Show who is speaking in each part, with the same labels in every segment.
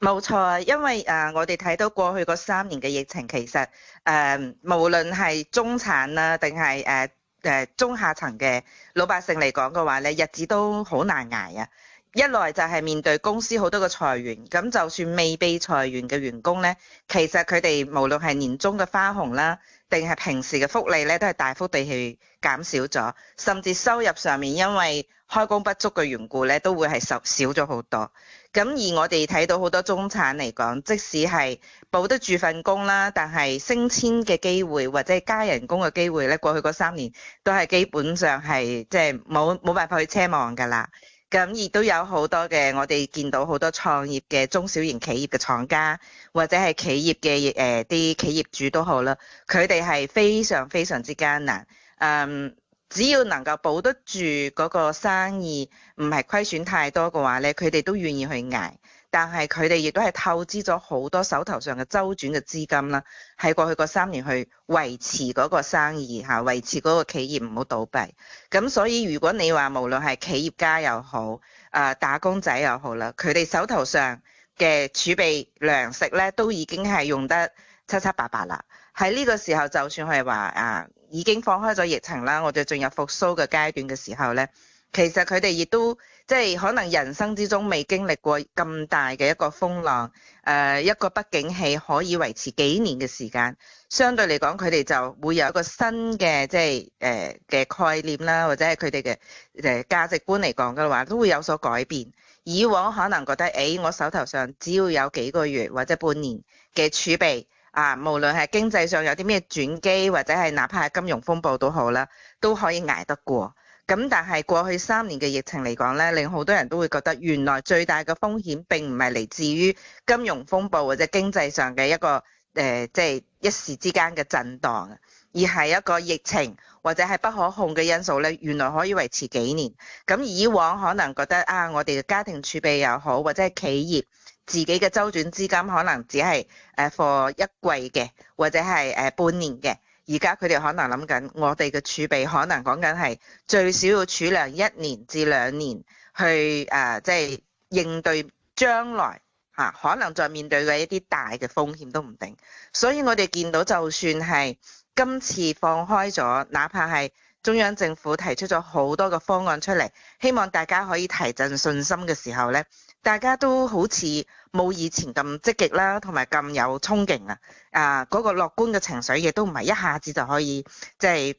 Speaker 1: 冇錯啊，因為誒、呃、我哋睇到過去嗰三年嘅疫情，其實誒、呃、無論係中產啦，定係誒中下層嘅老百姓嚟講嘅話咧，日子都好難捱啊！一來就係面對公司好多嘅裁員，咁就算未被裁員嘅員工咧，其實佢哋無論係年中嘅花紅啦，定係平時嘅福利咧，都係大幅地去減少咗，甚至收入上面因為開工不足嘅緣故咧，都會係受少咗好多。咁而我哋睇到好多中產嚟講，即使係保得住份工啦，但係升遷嘅機會或者加人工嘅機會咧，過去嗰三年都係基本上係即係冇冇辦法去奢望㗎啦。咁亦都有好多嘅我哋見到好多創業嘅中小型企業嘅廠家，或者係企業嘅、呃、啲企業主都好啦，佢哋係非常非常之艱難，um, 只要能夠保得住嗰個生意，唔係虧損太多嘅話呢，佢哋都願意去捱。但係佢哋亦都係透支咗好多手頭上嘅周轉嘅資金啦，喺過去嗰三年去維持嗰個生意嚇，維持嗰個企業唔好倒閉。咁所以如果你話無論係企業家又好，誒、呃、打工仔又好啦，佢哋手頭上嘅儲備糧食呢，都已經係用得七七八八啦。喺呢個時候，就算係話啊已經放開咗疫情啦，我哋進入復蘇嘅階段嘅時候呢，其實佢哋亦都即係、就是、可能人生之中未經歷過咁大嘅一個風浪，誒、呃、一個不景氣可以維持幾年嘅時間，相對嚟講佢哋就會有一個新嘅即係誒嘅概念啦，或者係佢哋嘅誒價值觀嚟講嘅話，都會有所改變。以往可能覺得，誒、哎、我手頭上只要有幾個月或者半年嘅儲備。啊，無論係經濟上有啲咩轉機，或者係哪怕係金融風暴都好啦，都可以捱得過。咁但係過去三年嘅疫情嚟講呢，令好多人都會覺得原來最大嘅風險並唔係嚟自於金融風暴或者經濟上嘅一個誒，即係一時之間嘅震盪，而係一個疫情或者係不可控嘅因素呢，原來可以維持幾年。咁以往可能覺得啊，我哋嘅家庭儲備又好，或者係企業。自己嘅周轉資金可能只係誒貨一季嘅，或者係誒半年嘅。而家佢哋可能諗緊，我哋嘅儲備可能講緊係最少要儲量一年至兩年去誒，即係應對將來吓，可能再面對嘅一啲大嘅風險都唔定。所以我哋見到，就算係今次放開咗，哪怕係。中央政府提出咗好多嘅方案出嚟，希望大家可以提振信心嘅時候咧，大家都好似冇以前咁積極啦，同埋咁有衝勁啊，啊、嗰個樂觀嘅情緒亦都唔係一下子就可以即係、就是、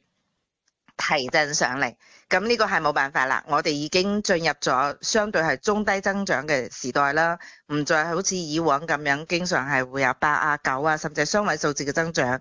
Speaker 1: 提振上嚟，咁呢個係冇辦法啦。我哋已經進入咗相對係中低增長嘅時代啦，唔再好似以往咁樣，經常係會有八啊九啊，甚至雙位數字嘅增長。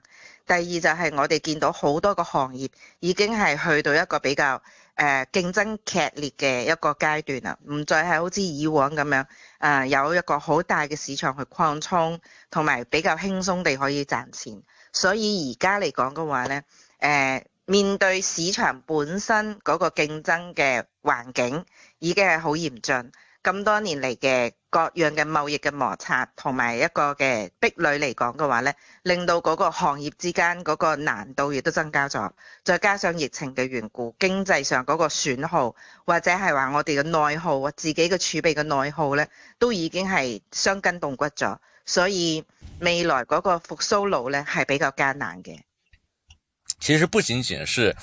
Speaker 1: 第二就係我哋見到好多個行業已經係去到一個比較誒、呃、競爭劇烈嘅一個階段啦，唔再係好似以往咁樣誒、呃、有一個好大嘅市場去擴充，同埋比較輕鬆地可以賺錢。所以而家嚟講嘅話呢，誒、呃、面對市場本身嗰個競爭嘅環境已經係好嚴峻。咁多年嚟嘅各樣嘅貿易嘅摩擦同埋一個嘅壁壘嚟講嘅話呢，令到嗰個行業之間嗰個難度亦都增加咗。再加上疫情嘅緣故，經濟上嗰個損耗或者係話我哋嘅內耗啊，自己嘅儲備嘅內耗呢都已經係傷筋動骨咗。所以未來嗰個復蘇路呢，係比較艱難嘅。
Speaker 2: 其實不僅僅是。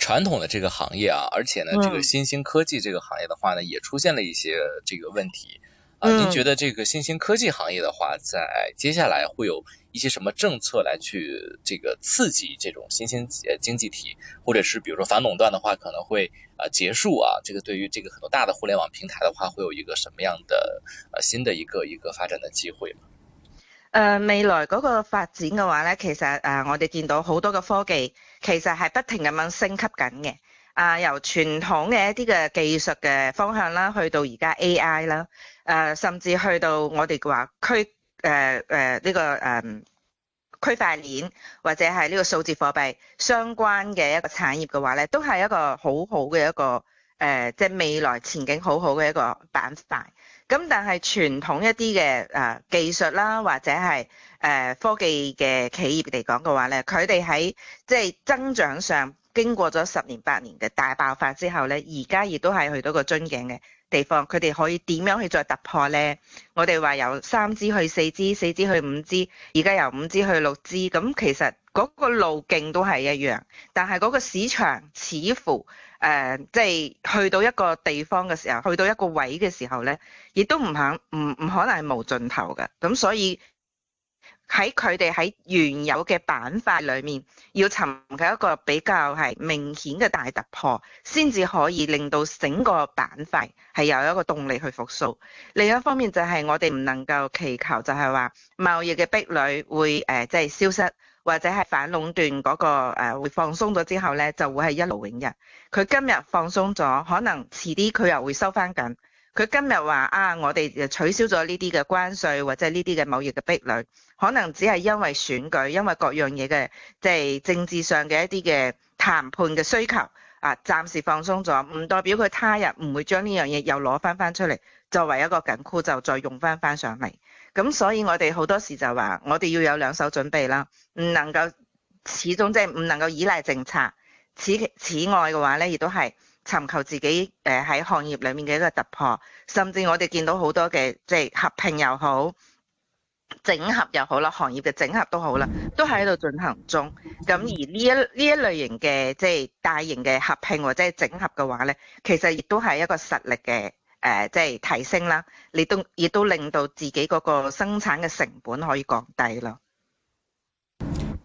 Speaker 2: 傳統的這個行業啊，而且呢，這個新興科技這個行業的話呢，也出現了一些這個問題、
Speaker 1: 嗯、啊。您覺
Speaker 2: 得這個新興科技行業的話，在接下來會有一些什麼政策來去這個刺激這種新興經濟體，或者是比如說反壟斷的話，可能會啊結束啊。這個對於這個很多大的互聯網平台的話，會有一個什麼樣的呃新的一個一個發展的機會嗎？
Speaker 1: 呃，未來嗰個發展的話呢，其實啊、呃，我哋見到好多嘅科技。其實係不停咁樣升級緊嘅，啊由傳統嘅一啲嘅技術嘅方向啦，去到而家 AI 啦、啊，誒甚至去到我哋話區誒誒呢個誒、呃、區塊鏈或者係呢個數字貨幣相關嘅一個產業嘅話咧，都係一個好好嘅一個誒，即係未來前景好好嘅一個板塊。咁但係傳統一啲嘅誒技術啦，或者係誒、呃、科技嘅企業嚟講嘅話咧，佢哋喺即係增長上經過咗十年八年嘅大爆發之後咧，而家亦都係去到個樽頸嘅地方。佢哋可以點樣去再突破咧？我哋話由三支去四支，四支去五支，而家由五支去六支，咁其實。嗰個路徑都係一樣，但係嗰個市場似乎即係、呃即係、去到一個地方嘅時候，去到一個位嘅時候咧，亦都唔肯，唔唔可能係冇盡頭嘅。咁所以喺佢哋喺原有嘅板塊裏面，要尋求一個比較係明顯嘅大突破，先至可以令到整個板塊係有一個動力去復甦。另一方面就係我哋唔能夠祈求就係話貿易嘅壁壘會即係、呃即係、消失。.或者係反壟斷嗰、那個誒、啊、會放鬆咗之後呢，就會係一勞永逸。佢今日放鬆咗，可能遲啲佢又會收翻緊。佢今日話啊，我哋取消咗呢啲嘅關稅或者呢啲嘅貿易嘅壁壘，可能只係因為選舉，因為各樣嘢嘅即係政治上嘅一啲嘅談判嘅需求啊，暫時放鬆咗，唔代表佢他，他日唔會將呢樣嘢又攞翻翻出嚟作為一個緊箍咒再用翻翻上嚟。咁所以我哋好多時就話，我哋要有兩手準備啦，唔能夠始終即係唔能夠依賴政策。此此外嘅話咧，亦都係尋求自己誒喺行業裏面嘅一個突破，甚至我哋見到好多嘅即係合併又好，整合又好啦，行業嘅整合都好啦，都喺度進行中。咁而呢一呢一類型嘅即係大型嘅合併或者整合嘅話咧，其實亦都係一個實力嘅。誒、呃，即係提升啦，你都亦都令到自己嗰個生產嘅成本可以降低咯。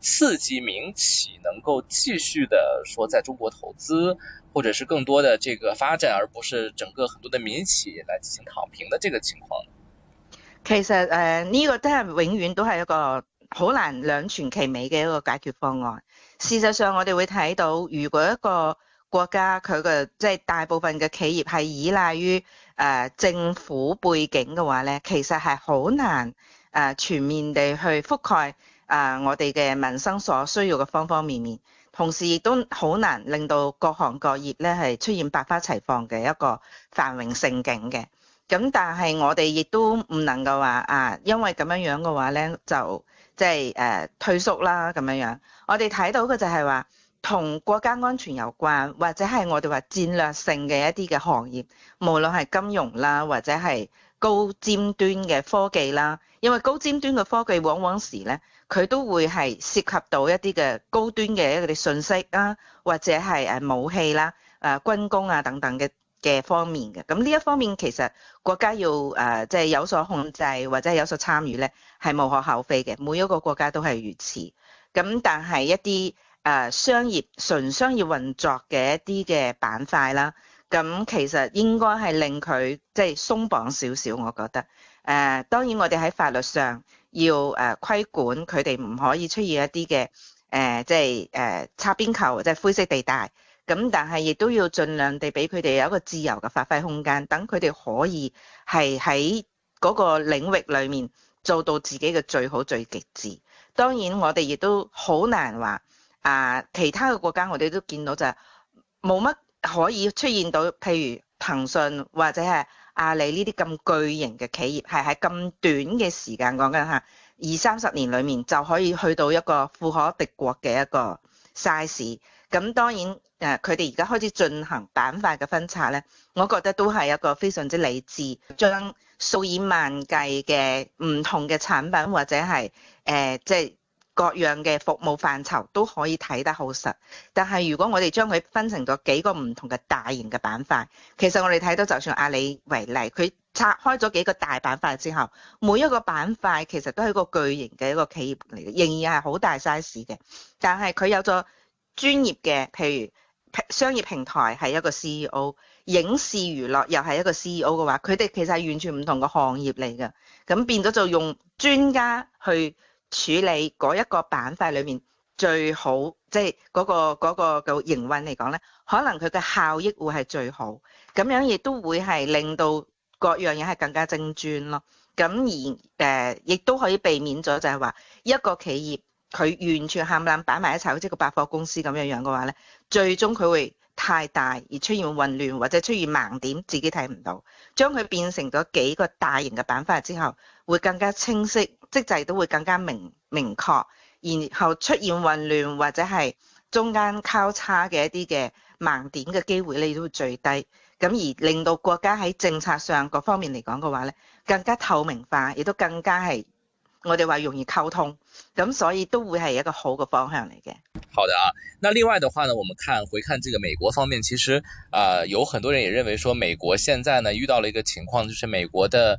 Speaker 2: 刺激民企能夠繼續的說在中國投資，或者是更多的這個發展，而不是整個很多的民企來進行躺平的這個情況。
Speaker 1: 其實誒呢個都係永遠都係一個好難兩全其美嘅一個解決方案。事實上我哋會睇到，如果一個國家佢嘅即係大部分嘅企業係依賴於誒政府背景嘅話咧，其實係好難誒全面地去覆蓋。啊！我哋嘅民生所需要嘅方方面面，同時亦都好難令到各行各業咧係出現百花齊放嘅一個繁榮盛景嘅。咁但係我哋亦都唔能夠話啊，因為咁樣樣嘅話咧，就即係誒退縮啦咁樣樣。我哋睇到嘅就係話同國家安全有關，或者係我哋話戰略性嘅一啲嘅行業，無論係金融啦，或者係高尖端嘅科技啦，因為高尖端嘅科技往往時咧。佢都會係涉及到一啲嘅高端嘅一啲信息啊，或者係誒武器啦、誒、呃、軍工啊等等嘅嘅方面嘅。咁呢一方面其實國家要誒即係有所控制或者有所參與呢，係無可厚非嘅。每一個國家都係如此。咁但係一啲誒、呃、商業純商業運作嘅一啲嘅板塊啦，咁其實應該係令佢即係鬆綁少少，我覺得。誒、呃、當然我哋喺法律上，要誒規管佢哋唔可以出現一啲嘅誒，即係誒擦邊球或者，即係、灰色地帶。咁但係亦都要盡量地俾佢哋有一個自由嘅發揮空間，等佢哋可以係喺嗰個領域裏面做到自己嘅最好最極致。當然我哋亦都好難話啊、呃，其他嘅國家我哋都見到就冇乜可以出現到，譬如騰訊或者係。阿里呢啲咁巨型嘅企業，係喺咁短嘅時間講緊吓，二三十年裏面就可以去到一個富可敵國嘅一個 size。咁當然誒，佢哋而家開始進行板塊嘅分拆咧，我覺得都係一個非常之理智，將數以萬計嘅唔同嘅產品或者係誒即係。呃就是各樣嘅服務範疇都可以睇得好實，但係如果我哋將佢分成咗幾個唔同嘅大型嘅板塊，其實我哋睇到，就算阿里為例，佢拆開咗幾個大板塊之後，每一個板塊其實都係一個巨型嘅一個企業嚟嘅，仍然係好大 size 嘅。但係佢有咗專業嘅，譬如商業平台係一個 CEO，影視娛樂又係一個 CEO 嘅話，佢哋其實係完全唔同嘅行業嚟嘅，咁變咗就用專家去處理嗰一個板塊裏面最好，即係嗰個嗰個嘅，嗰個，營運嚟講呢可能佢嘅效益會係最好，咁樣亦都會係令到各樣嘢係更加精專咯。咁而亦，呃、都可以避免咗就係話一個企業佢完全冚唪唥擺埋一齊，好似個百貨公司咁樣樣嘅話呢，最終佢會太大而出現混亂，或者出現盲點，自己睇唔到。將佢變成咗幾個大型嘅板塊之後。會更加清晰，即制都會更加明明確，然後出現混亂或者係中間交叉嘅一啲嘅盲點嘅機會咧都會最低，咁而令到國家喺政策上各方面嚟講嘅話呢，更加透明化，亦都更加係我哋話容易溝通，咁所以都會係一個好嘅方向嚟嘅。
Speaker 2: 好的啊，那另外嘅話呢，我們看回看這個美國方面，其實啊、呃、有很多人也認為說美國現在呢遇到了一個情況，就是美國的。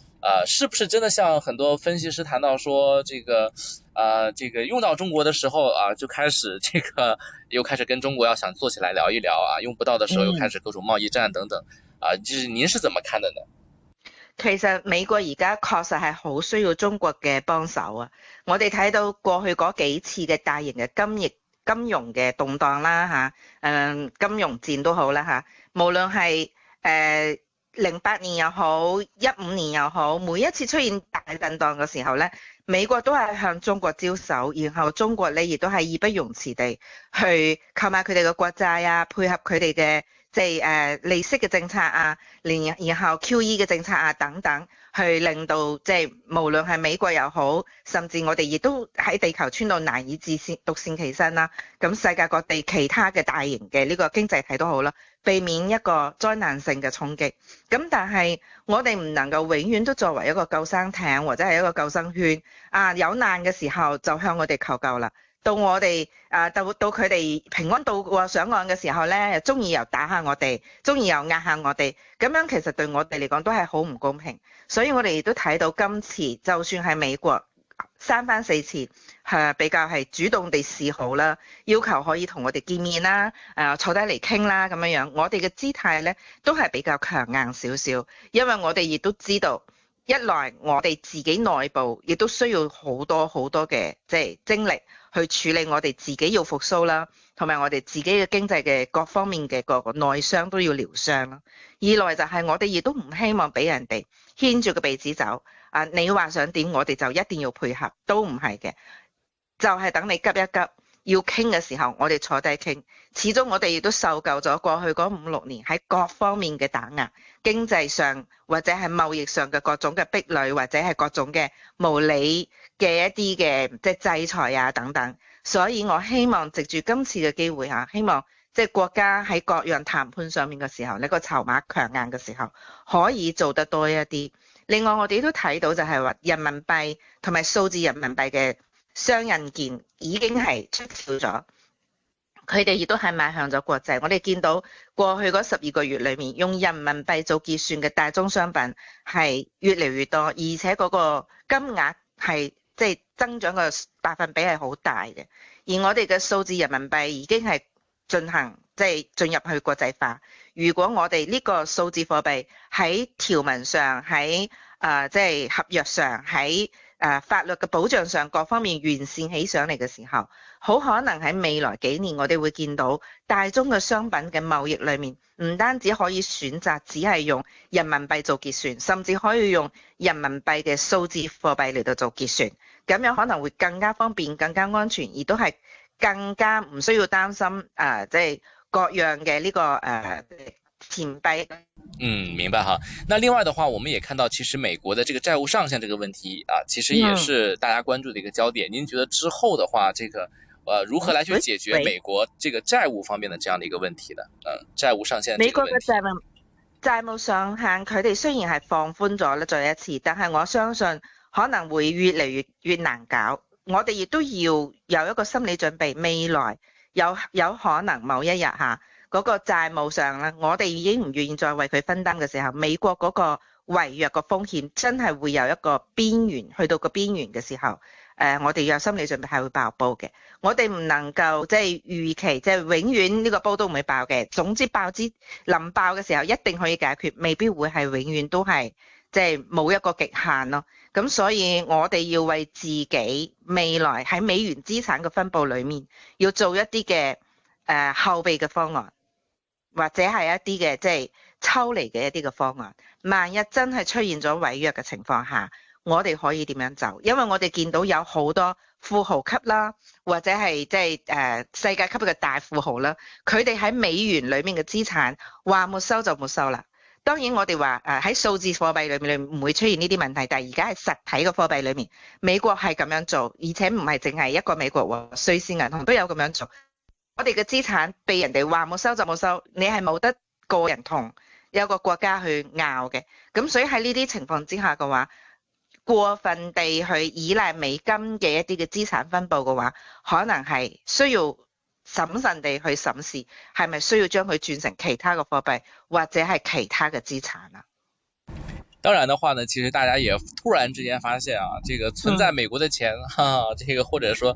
Speaker 2: 呃，是不是真的像很多分析師談到說，這個呃這個用到中國的時候啊，就開始這個又開始跟中國要想坐起來聊一聊啊，用不到的時候又開始各種貿易戰等等啊，就是您是怎麼看的呢？
Speaker 1: 其實美國而家確實係好需要中國嘅幫手啊！我哋睇到過去嗰幾次嘅大型嘅金業金融嘅動盪啦、啊，吓，誒，金融戰都好啦，吓，無論係誒。呃零八年又好，一五年又好，每一次出現大震盪嘅時候呢，美國都係向中國招手，然後中國呢亦都係義不容辭地去購買佢哋嘅國債啊，配合佢哋嘅即係誒利息嘅政策啊，連然後 QE 嘅政策啊等等。去令到即係、就是、無論係美國又好，甚至我哋亦都喺地球村度難以自線獨善其身啦。咁世界各地其他嘅大型嘅呢個經濟體都好啦，避免一個災難性嘅衝擊。咁但係我哋唔能夠永遠都作為一個救生艇或者係一個救生圈，啊有難嘅時候就向我哋求救啦。到我哋啊，到到佢哋平安到岸上岸嘅時候呢，又中意又打下我哋，中意又壓下我哋，咁樣其實對我哋嚟講都係好唔公平。所以我哋亦都睇到今次就算喺美國三番四次係比較係主動地示好啦，要求可以同我哋見面啦，誒坐低嚟傾啦咁樣樣，我哋嘅姿態呢都係比較強硬少少，因為我哋亦都知道一來我哋自己內部亦都需要好多好多嘅即係精力。去處理我哋自己要復甦啦，同埋我哋自己嘅經濟嘅各方面嘅個內傷都要療傷啦。二來就係我哋亦都唔希望俾人哋牽住個鼻子走，啊，你話想點，我哋就一定要配合，都唔係嘅，就係、是、等你急一急。要傾嘅時候，我哋坐低傾。始終我哋亦都受夠咗過去嗰五六年喺各方面嘅打壓，經濟上或者係貿易上嘅各種嘅壁壘，或者係各種嘅無理嘅一啲嘅即係制裁啊等等。所以我希望藉住今次嘅機會嚇，希望即係國家喺各樣談判上面嘅時候，呢個籌碼強硬嘅時候，可以做得多一啲。另外我哋都睇到就係話人民幣同埋數字人民幣嘅。雙刃劍已經係出咗，佢哋亦都係邁向咗國際。我哋見到過去嗰十二個月裏面，用人民幣做結算嘅大宗商品係越嚟越多，而且嗰個金額係即係增長嘅百分比係好大嘅。而我哋嘅數字人民幣已經係進行即係、即係、進入去國際化。如果我哋呢個數字貨幣喺條文上喺啊即係合約上喺。喺誒，法律嘅保障上各方面完善起上嚟嘅時候，好可能喺未來幾年我哋會見到大宗嘅商品嘅貿易裏面，唔單止可以選擇只係用人民幣做結算，甚至可以用人民幣嘅數字貨幣嚟到做結算，咁樣可能會更加方便、更加安全，而都係更加唔需要擔心誒，即、呃、係、就是、各樣嘅呢、這個誒。呃
Speaker 2: 錢幣。嗯，明白哈。那另外的話，我們也看到，其實美國的這個債務上限這個問題啊，其實也是大家關注的一個焦點。嗯、您覺得之後的話，這個呃，如何來去解決美國這個債務方面的這樣的一個問題呢？嗯、啊，債務上限。美國的
Speaker 1: 債務，債務上限，佢哋雖然係放寬咗咧，再一次，但係我相信可能會越嚟，越越難搞。我哋亦都要有一個心理準備，未來有有，有可能某一日哈。嗰個債務上啦，我哋已經唔願意再為佢分擔嘅時候，美國嗰個違約嘅風險真係會由一個邊緣去到個邊緣嘅時候，誒，我哋有心理準備係會爆煲嘅。我哋唔能夠即係預期，即係永遠呢個煲都唔會爆嘅。總之爆之臨爆嘅時候，一定可以解決，未必會係永遠都係即係冇一個極限咯。咁所以我哋要為自己未來喺美元資產嘅分佈裏面，要做一啲嘅誒後備嘅方案。或者係一啲嘅即係抽離嘅一啲嘅方案，萬一真係出現咗違約嘅情況下，我哋可以點樣走？因為我哋見到有好多富豪級啦，或者係即係誒世界級嘅大富豪啦，佢哋喺美元裏面嘅資產話沒收就沒收啦。當然我哋話誒喺數字貨幣裏面唔會出現呢啲問題，但係而家係實體嘅貨幣裏面，美國係咁樣做，而且唔係淨係一個美國，瑞士銀行都有咁樣做。我哋嘅資產被人哋話冇收就冇收，你係冇得個人同有個國家去拗嘅。咁所以喺呢啲情況之下嘅話，過分地去依賴美金嘅一啲嘅資產分佈嘅話，可能係需要審慎地去審視，係咪需要將佢轉成其他嘅貨幣或者係其他嘅資產啊？
Speaker 2: 當然嘅話呢，其實大家也突然之間發現啊，這個存在美國嘅錢，哈、嗯，這個或者說。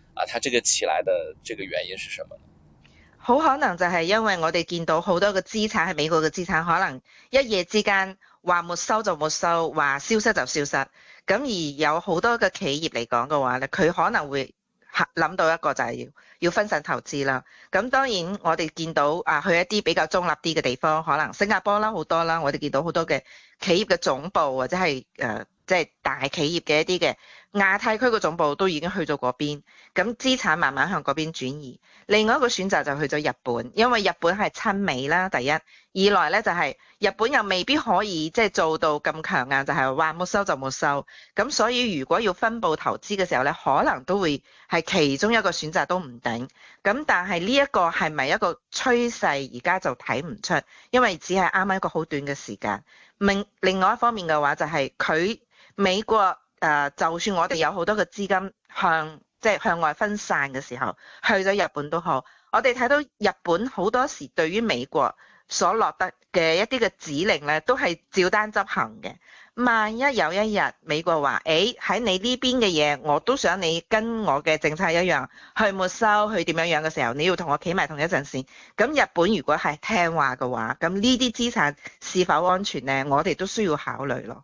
Speaker 2: 啊！它這個起來的這個原因是什麼呢？
Speaker 1: 好可能就係因為我哋見到好多嘅資產係美國嘅資產，資產可能一夜之間話沒收就沒收，話消失就消失。咁而有好多嘅企業嚟講嘅話咧，佢可能會諗到一個就係要要分散投資啦。咁當然我哋見到啊去一啲比較中立啲嘅地方，可能新加坡啦好多啦，我哋見到好多嘅企業嘅總部或者係誒。呃即係大企業嘅一啲嘅亞太區嘅總部都已經去咗嗰邊，咁資產慢慢向嗰邊轉移。另外一個選擇就去咗日本，因為日本係親美啦，第一；二來呢，就係日本又未必可以即係做到咁強硬，就係話沒收就沒收。咁所以如果要分佈投資嘅時候呢，可能都會係其中一個選擇都唔頂。咁但係呢一個係咪一個趨勢，而家就睇唔出，因為只係啱啱一個好短嘅時間。另另外一方面嘅話就係佢。美國誒、呃，就算我哋有好多個資金向即、就是、向外分散嘅時候，去咗日本都好，我哋睇到日本好多時對於美國所落得嘅一啲嘅指令呢，都係照單執行嘅。萬一有一日美國話：誒、欸、喺你呢邊嘅嘢，我都想你跟我嘅政策一樣，去沒收，去點樣樣嘅時候，你要同我企埋同一陣線，咁日本如果係聽話嘅話，咁呢啲資產是否安全呢？我哋都需要考慮咯。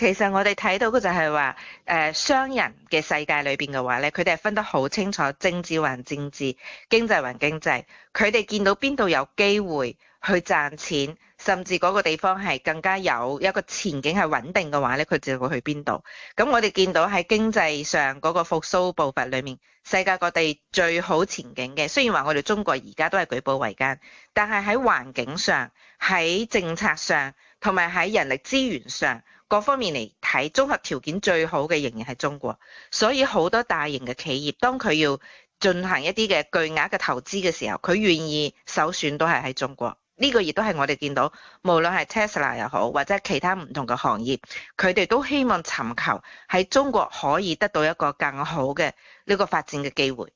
Speaker 1: 其實我哋睇到嘅就係話，誒商人嘅世界裏面嘅話咧，佢哋係分得好清楚，政治還政治，經濟還經濟。佢哋見到邊度有機會去賺錢，甚至嗰個地方係更加有一個前景係穩定嘅話咧，佢就會去邊度。咁我哋見到喺經濟上嗰個復甦步伐裏面，世界各地最好前景嘅。雖然話我哋中國而家都係舉步維艱，但係喺環境上、喺政策上同埋喺人力資源上，各方面嚟睇，綜合條件最好嘅仍然係中國，所以好多大型嘅企業當佢要進行一啲嘅巨額嘅投資嘅時候，佢願意首選都係喺中國，呢個亦都係我哋見到，無論係 Tesla 又好，或者其他唔同嘅行業，佢哋都希望尋求喺中國可以得到一個更好嘅呢個發展嘅機會。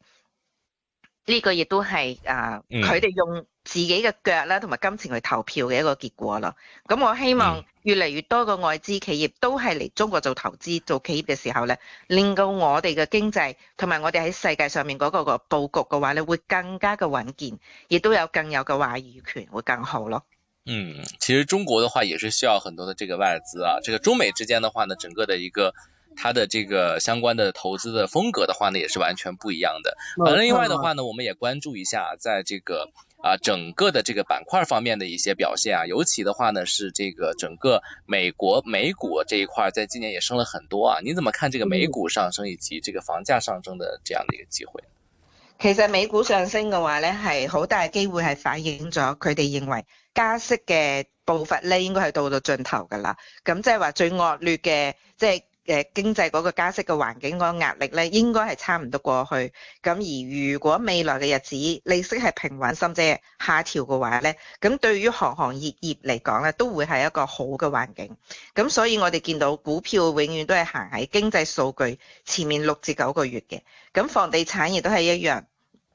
Speaker 1: 呢個亦都係啊，呃，佢哋用自己嘅腳啦，同埋金錢去投票嘅一個結果咯。咁我希望越嚟越多嘅外資企業都係嚟中國做投資、做企業嘅時候咧，令到我哋嘅經濟同埋我哋喺世界上面嗰個個佈局嘅話咧，會更加嘅穩健，亦都有更有嘅話語權，會更好咯。嗯，
Speaker 2: 其實中國嘅話也是需要很多的這個外資啊，這個中美之間嘅話呢，整個的一個。它的這個相關的投資的風格的話呢，也是完全不一樣的、嗯。咁、嗯、另外的話呢，我們也關注一下，在這個啊整個的這個板塊方面的一些表現啊，尤其的話呢，是這個整個美國美股這一塊，在今年也升了很多啊。你怎麼看這個美股上升以及這個房價上升的這樣的一個機會，嗯？嗯、
Speaker 1: 其實美股上升嘅話呢，是好大機會係反映咗佢哋認為加息嘅步伐呢應該係到到盡頭㗎喇。咁即係話最惡劣嘅，即係。誒，經濟嗰個加息嘅環境嗰個壓力咧，應該係差唔多過去。咁而如果未來嘅日子利息係平穩甚至下調嘅話咧，咁對於行行業業嚟講咧，都會係一個好嘅環境。咁所以我哋見到股票永遠都係行喺經濟數據前面六至九個月嘅，咁房地產亦都係一樣。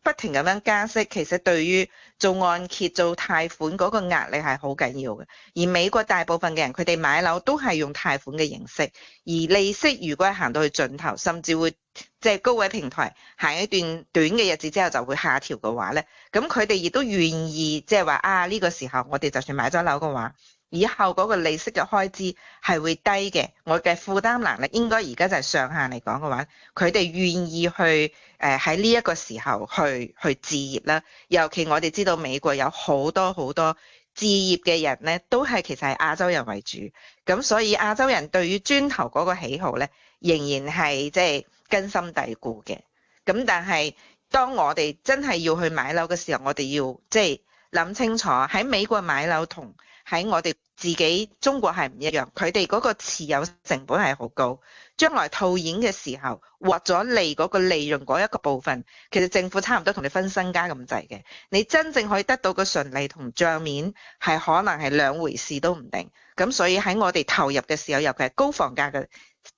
Speaker 1: 不停咁樣加息，其實對於做按揭做貸款嗰個壓力係好緊要嘅。而美國大部分嘅人，佢哋買樓都係用貸款嘅形式，而利息如果係行到去盡頭，甚至會即係、就是、高位平台行一段短嘅日子之後就會下調嘅話呢，咁佢哋亦都願意即係話啊呢、呢個時候我哋就算買咗樓嘅話。以後嗰個利息嘅開支係會低嘅，我嘅負擔能力應該而家就係上限嚟講嘅話，佢哋願意去誒喺呢一個時候去去置業啦。尤其我哋知道美國有好多好多置業嘅人呢，都係其實係亞洲人為主，咁所以亞洲人對於磚頭嗰個喜好呢，仍然係即係根深蒂固嘅。咁但係當我哋真係要去買樓嘅時候，我哋要即係諗清楚喺美國買樓同喺我哋自己中國係唔一樣，佢哋嗰個持有成本係好高，將來套現嘅時候獲咗利嗰個利潤嗰一個部分，其實政府差唔多同你分身家咁滯嘅，你真正可以得到個純利同帳面係可能係兩回事都唔定。咁所以喺我哋投入嘅時候，尤其係高房價嘅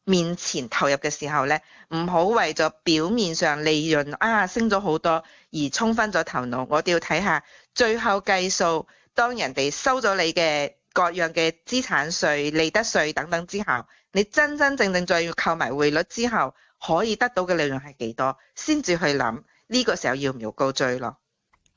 Speaker 1: 面前投入嘅時候呢，唔好為咗表面上利潤啊升咗好多，而衝昏咗頭腦，我哋要睇下最後計數。當人哋收咗你嘅各樣嘅資產稅、利得稅等等之後，你真真正正再扣埋匯率之後，可以得到嘅利潤係幾多，先至去諗呢個時候要唔要高追咯？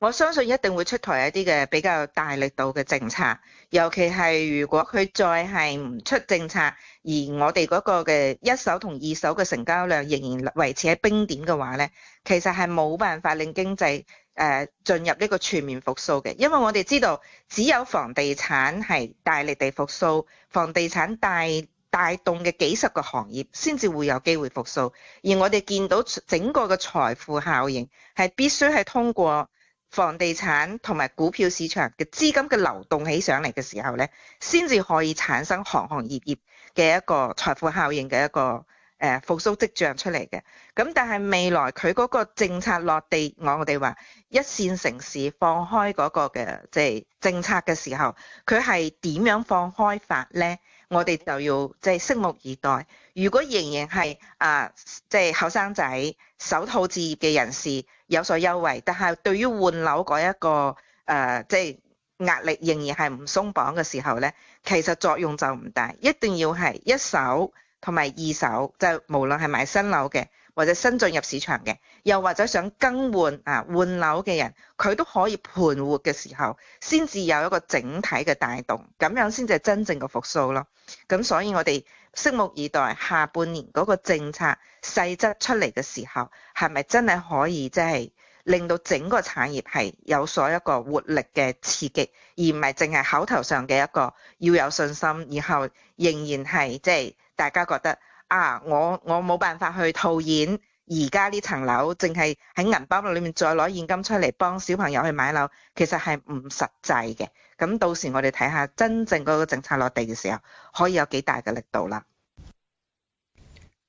Speaker 1: 我相信一定會出台一啲嘅比較大力度嘅政策，尤其係如果佢再係唔出政策，而我哋嗰個嘅一手同二手嘅成交量仍然維持喺冰點嘅話咧，其實，係冇辦法令經濟誒進入呢個全面復蘇嘅，因為我哋知道只有房地產係大力地復蘇，房地產帶帶動嘅幾十個行業先至會有機會復蘇，而我哋見到整個嘅財富效應，係必須係通過。房地產同埋股票市場嘅資金嘅流動起上嚟嘅時候咧，先至可以產生行行業業嘅一個財富效應嘅一個誒復蘇跡象出嚟嘅。咁但係未來佢嗰個政策落地，我哋話一線城市放開嗰個嘅即係政策嘅時候，佢係點樣放開法咧？我哋就要即係拭目以待。如果仍然係啊，即係後生仔首套置業嘅人士有所優惠，但係對於換樓嗰一個誒，即係壓力仍然係唔鬆綁嘅時候咧，其實作用就唔大。一定要係一手同埋二手，就無論係買新樓嘅，或者新進入市場嘅，又或者想更換啊換樓嘅人，佢都可以盤活嘅時候，先至有一個整體嘅帶動，咁樣先至係真正嘅復甦咯。咁所以我哋，拭目以待下半年嗰個政策細則出嚟嘅時候，係咪真係可以即係、就是、令到整個產業係有所一個活力嘅刺激，而唔係淨係口頭上嘅一個要有信心，然後仍然係即係大家覺得啊，我我冇辦法去套現。而家呢層樓，淨係喺銀包裏面再攞現金出嚟幫小朋友去買樓，其實係唔實際嘅。咁到時我哋睇下真正嗰個政策落地嘅時候，可以有幾大嘅力度啦。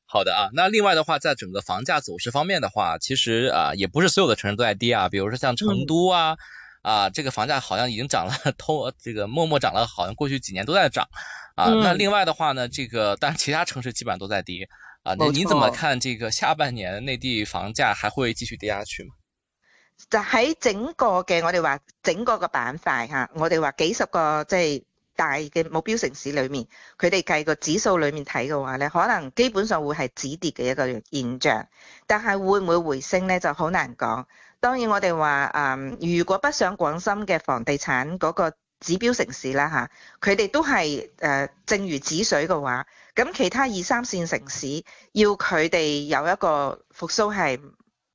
Speaker 2: 好的啊，那另外的話，在整個房價走勢方面的話，其實啊，也不是所有的城市都在跌啊。比如說像成都啊，嗯、啊，這個房價好像已經漲了，通這個默默漲了，好像過去幾年都在漲。啊，嗯、啊，那另外的話呢，這個但係其他城市基本上都在跌。啊，你怎麼看這個下半年內地房價還會繼續跌下去嗎？
Speaker 1: 就喺、是、整個嘅，我哋話整個嘅板塊吓，我哋話幾十個即係大嘅目標城市裏面，佢哋計個指數裏面睇嘅話咧，可能基本上會係止跌嘅一個現象，但係會唔會回升咧就好難講。當然我哋話，如果北上廣深嘅房地產嗰個指標城市啦吓，佢哋都係誒正如止水嘅話。咁其他二三線城市要佢哋有一個復甦係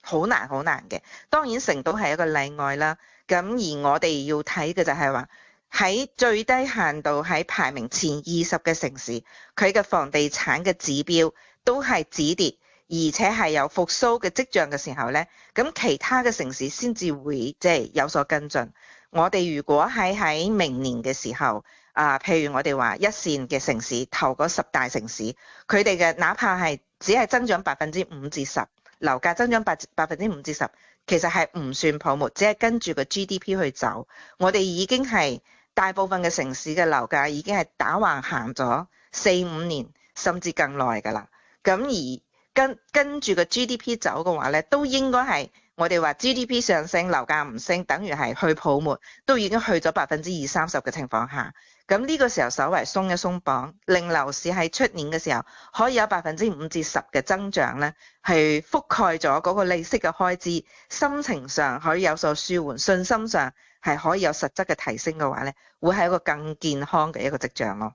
Speaker 1: 好難好難嘅，當然成都係一個例外啦。咁而我哋要睇嘅就係話喺最低限度，喺排名前二十嘅城市，佢嘅房地產嘅指標都係止跌，而且係有復甦嘅跡象嘅時候呢。咁其他嘅城市先至會即係有所跟進。我哋如果喺喺明年嘅時候，啊，譬如我哋話一線嘅城市，頭嗰十大城市，佢哋嘅哪怕係只係增長百分之五至十，樓價增長百百分之五至十，其實係唔算泡沫，只係跟住個 GDP 去走。我哋已經係大部分嘅城市嘅樓價已經係打橫行咗四五年甚至更耐㗎啦。咁而跟跟住個 GDP 走嘅話呢，都應該係我哋話 GDP 上升，樓價唔升，等於係去泡沫，都已經去咗百分之二三十嘅情況下。咁呢個時候稍微鬆一鬆綁，令樓市喺出年嘅時候可以有百分之五至十嘅增長咧，係覆蓋咗嗰個利息嘅開支，心情上可以有所舒緩，信心上係可以有實質嘅提升嘅話咧，會係一個更健康嘅一個跡象咯。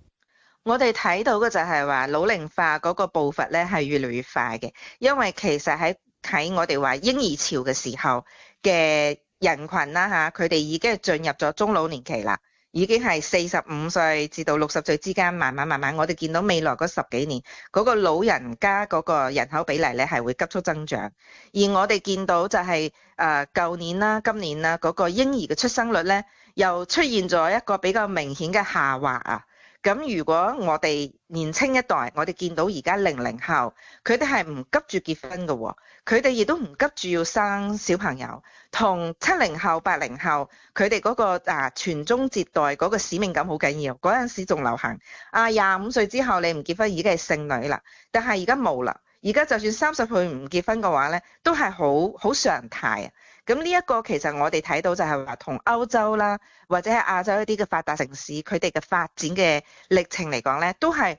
Speaker 1: 我哋睇到嘅就係話老齡化嗰個步伐咧係越嚟越快嘅，因為其實喺喺我哋話嬰兒潮嘅時候嘅人群啦吓，佢哋已經係進入咗中老年期啦，已經係四十五歲至到六十歲之間，慢慢慢慢，我哋見到未來嗰十幾年嗰個老人家嗰個人口比例咧係會急速增長，而我哋見到就係誒舊年啦、今年啦嗰個嬰兒嘅出生率咧又出現咗一個比較明顯嘅下滑啊。咁如果我哋年青一代，我哋見到而家零零後，佢哋係唔急住結婚㗎喎，佢哋亦都唔急住要生小朋友，同七零後、八零後，佢哋嗰個啊傳宗接代嗰個使命感好緊要。嗰陣時仲流行啊，廿五歲之後你唔結婚已經係剩女啦，但係而家冇啦。而家就算三十歲唔結婚嘅話咧，都係好好常態啊。咁呢一個其實我哋睇到就係話同歐洲啦，或者喺亞洲一啲嘅發達城市，佢哋嘅發展嘅歷程嚟講呢，都係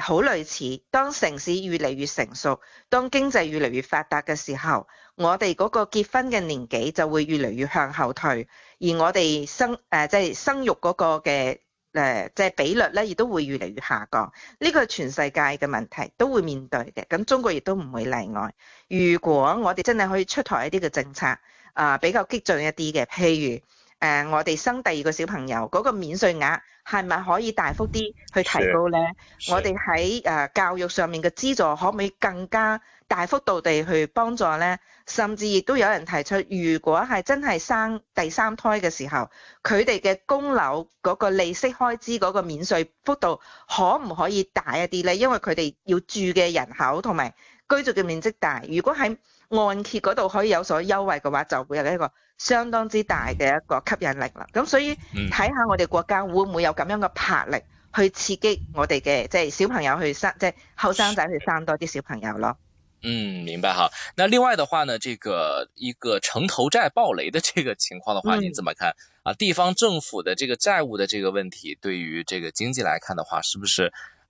Speaker 1: 好類似。當城市越嚟越成熟，當經濟越嚟越發達嘅時候，我哋嗰個結婚嘅年紀就會越嚟越向後退，而我哋生即係、呃即係、生育嗰個嘅即係比率呢，亦都會越嚟越下降。呢、呢個全世界嘅問題都會面對嘅，咁中國亦都唔會例外。如果我哋真係可以出台一啲嘅政策，啊，比較激進一啲嘅，譬如誒、呃，我哋生第二個小朋友嗰個免稅額係咪可以大幅啲去提高呢？我哋喺誒教育上面嘅資助可唔可以更加大幅度地去幫助呢？甚至亦都有人提出，如果係真係生第三胎嘅時候，佢哋嘅供樓嗰個利息開支嗰個免稅幅度可唔可以大一啲呢？因為佢哋要住嘅人口同埋居住嘅面積大，如果喺按揭嗰度可以有所優惠嘅話，就會有一個相當之大嘅一個吸引力啦。咁所以睇下我哋國家會唔會有咁樣嘅魄力，去刺激我哋嘅、嗯、即係小朋友去生，即係後生仔去生多啲小朋友咯。
Speaker 2: 嗯，明白哈。那另外的話呢，這個一個城投債暴雷的這個情況的話，您、嗯、怎麼看啊？地方政府的這個債務的這個問題，對於這個經濟來看的話，是不是？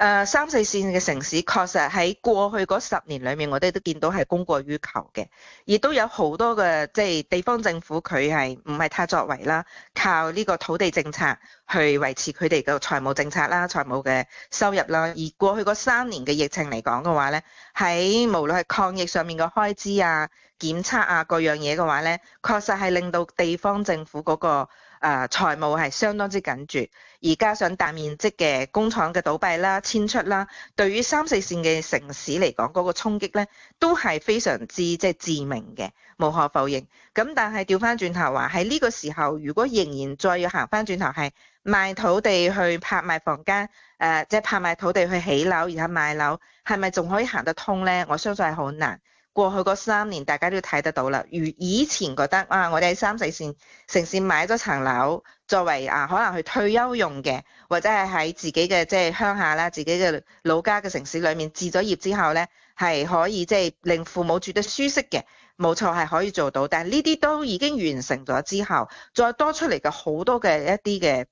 Speaker 1: 誒、呃、三四線嘅城市確實喺過去嗰十年裏面，我哋都見到係供過於求嘅，亦都有好多嘅即係地方政府佢係唔係太作為啦，靠呢個土地政策去維持佢哋嘅財務政策啦、財務嘅收入啦。而過去嗰三年嘅疫情嚟講嘅話呢，喺無論係抗疫上面嘅開支啊、檢測啊各樣嘢嘅話呢，確實係令到地方政府嗰、嗰個。啊，財務係相當之緊絀，而加上大面積嘅工廠嘅倒閉啦、遷出啦，對於三四線嘅城市嚟講，嗰個衝擊呢都係非常之即係致命嘅，無可否認。咁但係調翻轉頭話，喺呢個時候，如果仍然再要行翻轉頭係賣土地去拍賣房間，誒，即係拍賣土地去起樓，然後賣樓，係咪仲可以行得通呢？我相信係好難。過去嗰三年，大家都睇得到啦。如以前覺得啊，我哋喺三四線城市買咗層樓，作為啊可能去退休用嘅，或者係喺自己嘅即係鄉下啦，自己嘅老家嘅城市裏面置咗業之後呢，係可以即係令父母住得舒適嘅，冇錯，係可以做到。但係呢啲都已經完成咗之後，再多出嚟嘅好多嘅一啲嘅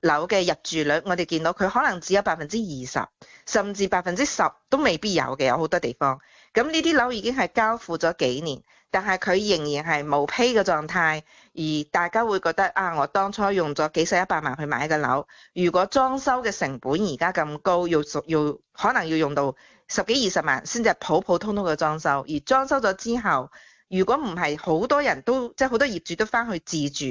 Speaker 1: 樓嘅入住率，我哋見到佢可能只有百分之二十，甚至百分之十都未必有嘅，有好多地方。咁呢啲樓已經係交付咗幾年，但係佢仍然係毛坯嘅狀態，而大家會覺得啊，我當初用咗幾十一百萬去買嘅樓，如果裝修嘅成本而家咁高，要要可能要用到十幾二十萬先至普普通通嘅裝修，而裝修咗之後，如果唔係好多人都即係好多業主都翻去自住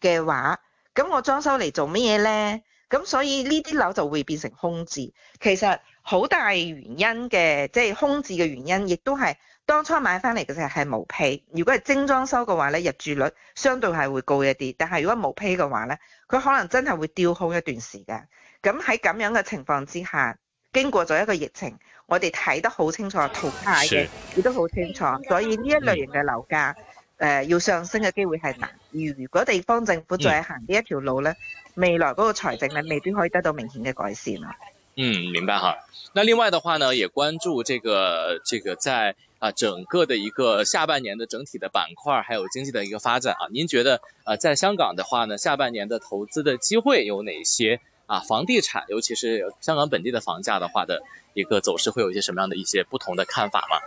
Speaker 1: 嘅話，咁我裝修嚟做乜嘢呢？咁所以呢啲樓就會變成空置。其實好大原因嘅，即係空置嘅原因，亦都係當初買翻嚟嘅時候係毛坯。如果係精裝修嘅話咧，入住率相對係會高一啲。但係如果毛坯嘅話咧，佢可能真係會丟空一段時間。咁喺咁樣嘅情況之下，經過咗一個疫情，我哋睇得好清楚淘汰嘅，亦都好清楚。所以呢一類型嘅樓價，嗯呃，要上升嘅機會係難。而如果地方政府再行呢一條路咧，嗯未來嗰個財政呢，未必可以得到明顯嘅改善啊。
Speaker 2: 嗯，明白哈。那另外的話呢，也關注這個、這個在啊整個的一個下半年的整體的板塊，還有經濟的一個發展啊。您覺得啊，在香港的話呢，下半年的投資的機會有哪些啊？房地產，尤其是香港本地的房價的話的，一個走勢會有一些什麼樣的一些不同的看法嗎？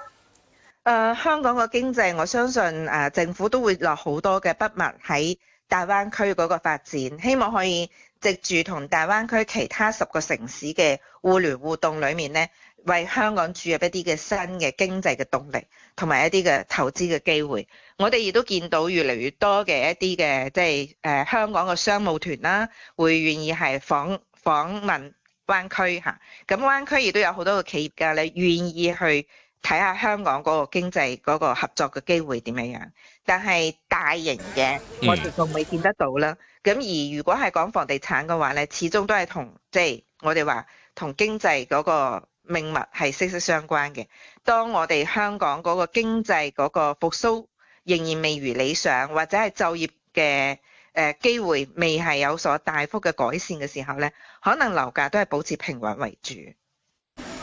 Speaker 1: 呃，香港嘅經濟，我相信、啊、政府都會落好多嘅筆墨喺。大灣區嗰個發展，希望可以藉住同大灣區其他十個城市嘅互聯互動裏面呢，為香港注入一啲嘅新嘅經濟嘅動力，同埋一啲嘅投資嘅機會。我哋亦都見到越嚟越多嘅一啲嘅即係誒香港嘅商務團啦、啊，會願意係訪訪問灣區嚇。咁灣區亦都有好多嘅企業家咧，願意去睇下香港嗰個經濟嗰個合作嘅機會點樣樣。但係大型嘅，我哋仲未見得到啦。咁、嗯、而如果係講房地產嘅話呢，始終都係同即係我哋話同經濟嗰個命脈係息息相關嘅。當我哋香港嗰個經濟嗰個復甦仍然未如理想，或者係就業嘅誒、呃、機會未係有所大幅嘅改善嘅時候呢，可能樓價都係保持平穩為主。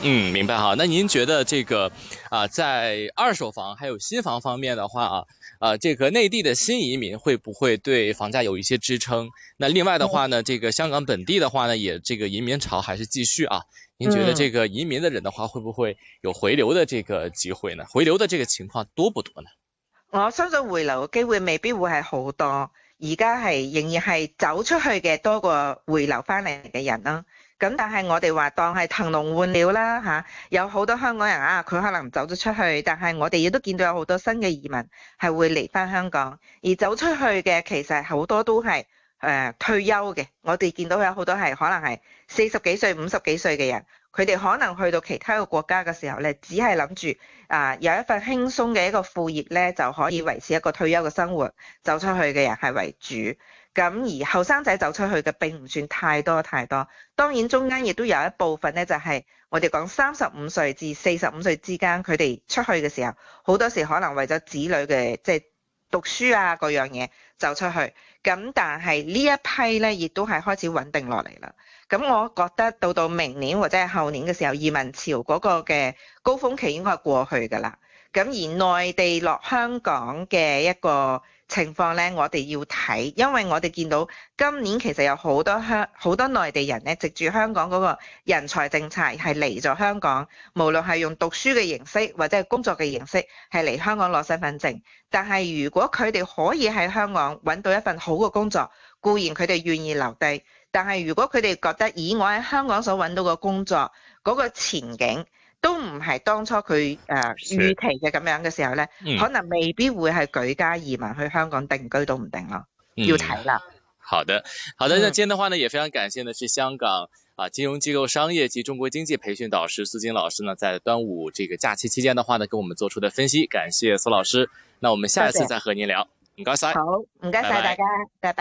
Speaker 2: 嗯，明白哈。那您覺得這個啊、呃，在二手房還有新房方面的話啊，啊、呃、這個內地的新移民會不會對房價有一些支撐？那另外的話呢，這個香港本地的話呢，也這個移民潮還是繼續啊？您覺得這個移民的人的話，會不會有回流的這個機會呢？回流的這個情況多不多呢？
Speaker 1: 我相信回流的機會未必會係好多，而家係仍然係走出去嘅多過回流翻嚟嘅人呢。咁但係我哋話當係騰籠換鳥啦吓，有好多香港人啊，佢可能走咗出去，但係我哋亦都見到有好多新嘅移民係會嚟返香港，而走出去嘅其實好多都係誒退休嘅，我哋見到有好多係可能係四十幾歲、五十幾歲嘅人，佢哋可能去到其他嘅國家嘅時候咧，只係諗住啊有一份輕鬆嘅一個副業咧就可以維持一個退休嘅生活，走出去嘅人係為主。咁而後生仔走出去嘅並唔算太多太多，當然中間亦都有一部分咧，就係我哋講三十五歲至四十五歲之間，佢哋出去嘅時候，好多時可能為咗子女嘅即係讀書啊嗰樣嘢走出去。咁但係呢一批咧，亦都係開始穩定落嚟啦。咁我覺得到到明年或者係後年嘅時候，移民潮嗰個嘅高峰期應該係過去㗎啦。咁而內地落香港嘅一個情況咧，我哋要睇，因為我哋見到今年其實有好多香好多內地人咧，藉住香港嗰個人才政策係嚟咗香港，無論係用讀書嘅形式或者係工作嘅形式係嚟香港攞身份證。但係如果佢哋可以喺香港揾到一份好嘅工作，固然佢哋願意留低。但係如果佢哋覺得，咦，我喺香港所揾到嘅工作嗰個前景，都唔係當初佢誒預期嘅咁樣嘅時候咧，嗯、可能未必會係舉家移民去香港定居都唔定咯，嗯、要睇啦。
Speaker 2: 好的，好的，那今天嘅話呢，也非常感謝呢，是香港啊，金融機構商業及中國經濟培訓導師蘇菁老師呢，在端午這個假期期間的話呢，跟我們做出的分析，感謝蘇老師。那我們下一次再和您聊，唔該晒，謝
Speaker 1: 謝，好，唔該曬大家，拜拜拜拜。